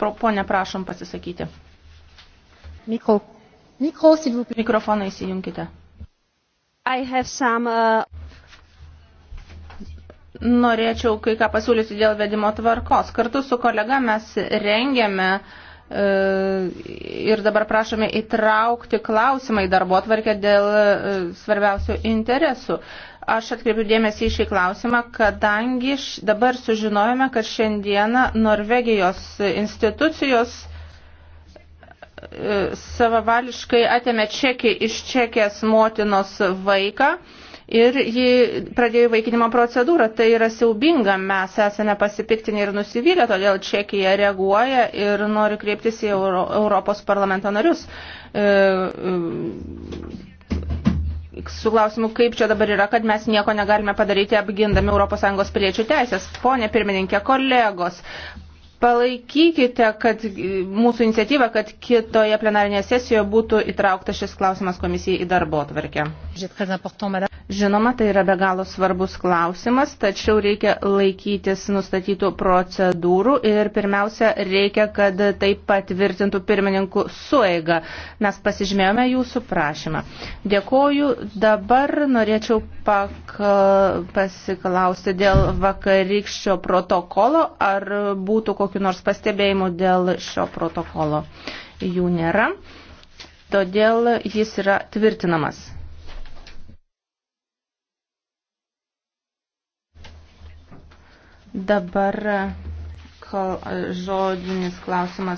Pro, ponė, prašom pasisakyti. Mikro, Mikro Mikrofoną įsijunkite. I have some, uh... Norėčiau kai ką pasiūlyti dėl vedimo tvarkos. Kartu su kolega mes rengėme uh, E, ir dabar prašome įtraukti klausimą į darbo atvarkę dėl e, svarbiausių interesų. Aš atkreipiu dėmesį į šį klausimą, kadangi dabar sužinojome, kad šiandieną Norvegijos institucijos e, savavališkai atėmė čekį iš čekės motinos vaiką ir ji pradėjo įvaikinimo procedūrą. Tai yra siaubinga, mes esame pasipiktinę ir nusivylę, todėl Čekija reaguoja ir nori kreiptis į Euro, Europos parlamento narius. E, e, su klausimu, kaip čia dabar yra, kad mes nieko negalime padaryti apgindami ES piliečių teisės. Pone pirmininkė, kolegos, palaikykite kad mūsų iniciatyvą, kad kitoje plenarinėje sesijoje būtų įtrauktas šis klausimas komisijai į darbo tvarkę. Žinoma, tai yra be galo svarbus klausimas, tačiau reikia laikytis nustatytų procedūrų ir pirmiausia, reikia, kad tai patvirtintų pirmininkų sueiga. Mes pasižymėjome jūsų prašymą. Dėkoju. Dabar norėčiau pak, pasiklausti dėl vakarykščio protokolo, ar būtų kokiu nors pastebėjimu dėl šio protokolo. Jų nėra. Todėl jis yra tvirtinamas. Dabar žodinis klausimas.